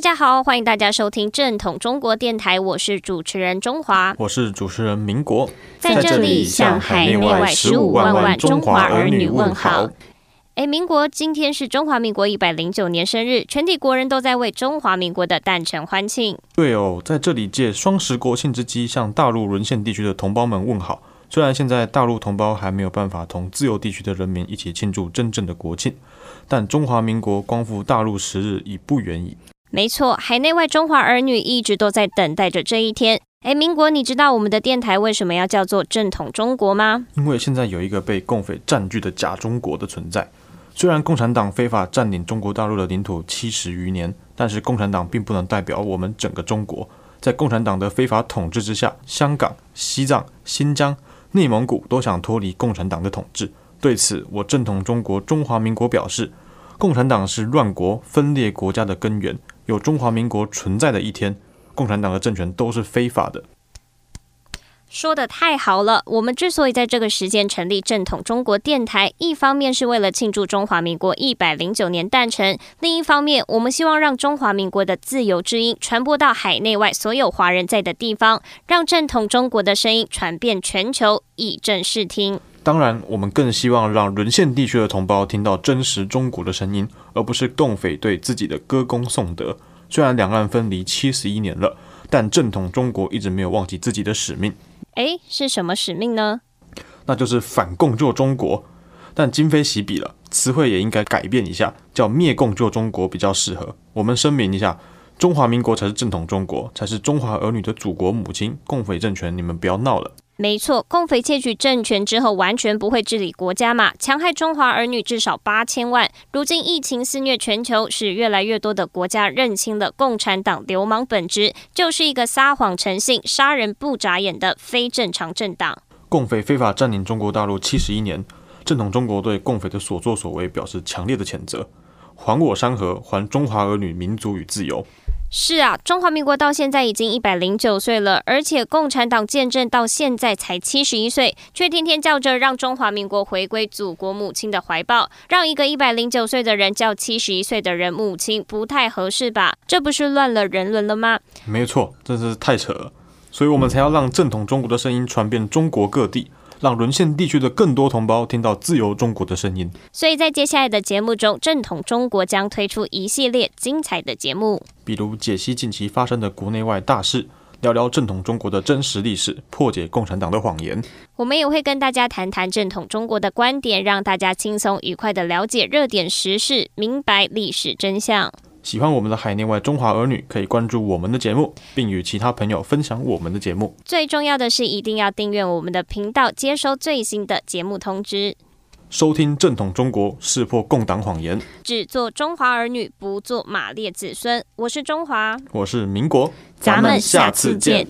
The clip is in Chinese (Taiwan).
大家好，歡迎大家收聽正統中國電台，我是主持人中華，我是主持人民國，在這裡，在這裡向海內外十五萬萬中華兒女問好。哎，民國，今天是中華民國一百零九年生日，全體國人都在為中華民國的誕辰歡慶。對哦，在這裡借雙十國慶之機，向大陸淪陷地區的同胞們問好。雖然現在大陸同胞還沒有辦法同自由地區的人民一起慶祝真正的國慶，但中華民國光復大陸時日已不遠矣。沒錯，海內外中華兒女一直都在等待着這一天。誒，民國，你知道我們的電台為什麼要叫做正統中國嗎？因為現在有一個被共匪佔據的假中國的存在。雖然共產黨非法佔領中國大陸的領土七十餘年，但是共產黨並不能代表我們整個中國。在共產黨的非法統治之下，香港、西藏、新疆、內蒙古都想脫離共產黨的統治。對此，我正統中國中華民國表示，共產黨是亂國、分裂國家的根源。有中華民國存在的一天，共產黨的政權都是非法的。說得太好了！我們之所以在這個時間成立正統中國電台，一方面是為了慶祝中華民國一百零九年誕辰，另一方面，我們希望讓中華民國的自由之音傳播到海內外所有華人在的地方，讓正統中國的聲音傳遍全球，以正視聽。當然，我們更希望讓淪陷地區的同胞聽到真實中國的聲音，而不是共匪對自己的歌功頌德。雖然兩岸分離七十一年了，但正統中國一直沒有忘記自己的使命。誒，是什麼使命呢？那就是反共救中國。但今非昔比了，詞彙也應該改變一下，叫滅共救中國比較適合。我們聲明一下，中華民國才是正統中國，才是中華兒女的祖國母親。共匪政權，你們不要鬧了。沒錯，共匪竊取政權之後，完全不會治理國家嘛，戕害中華兒女，至少八千萬。如今疫情肆虐全球，使越來越多的國家認清了共產黨流氓本質，就是一個撒謊成性、殺人不眨眼的非正常政黨。共匪非法占領中國大陸七十一年，正統中國對共匪的所作所為表示強烈的譴責，還我山河，還中華兒女民族與自由。是啊，中華民國到現在已經一百零九歲了，而且共產黨建政到現在才七十一歲，卻天天叫着讓中華民國回歸祖國母親的懷抱，讓一個一百零九歲的人叫七十一歲的人母親，不太合適吧？這不是亂了人倫了嗎？沒錯，真是太扯了。所以我們才要讓正統中國的聲音傳遍中國各地。讓淪陷地區的更多同胞聽到自由中國的聲音。所以，在接下來的節目中，正統中國將推出一系列精彩的節目，比如解析近期發生的國內外大事，聊聊正統中國的真實歷史，破解共產黨的謊言。我們也會跟大家談談正統中國的觀點，讓大家輕鬆愉快地了解熱點時事，明白歷史真相。喜歡我們的海內外中華兒女，可以關注我們的節目，並與其他朋友分享我們的節目。最重要的是，一定要訂閱我們的頻道，接收最新的節目通知。收聽正統中國，識破共黨謊言。只做中華兒女，不做馬列子孫。我是中華，我是民國，咱們下次見。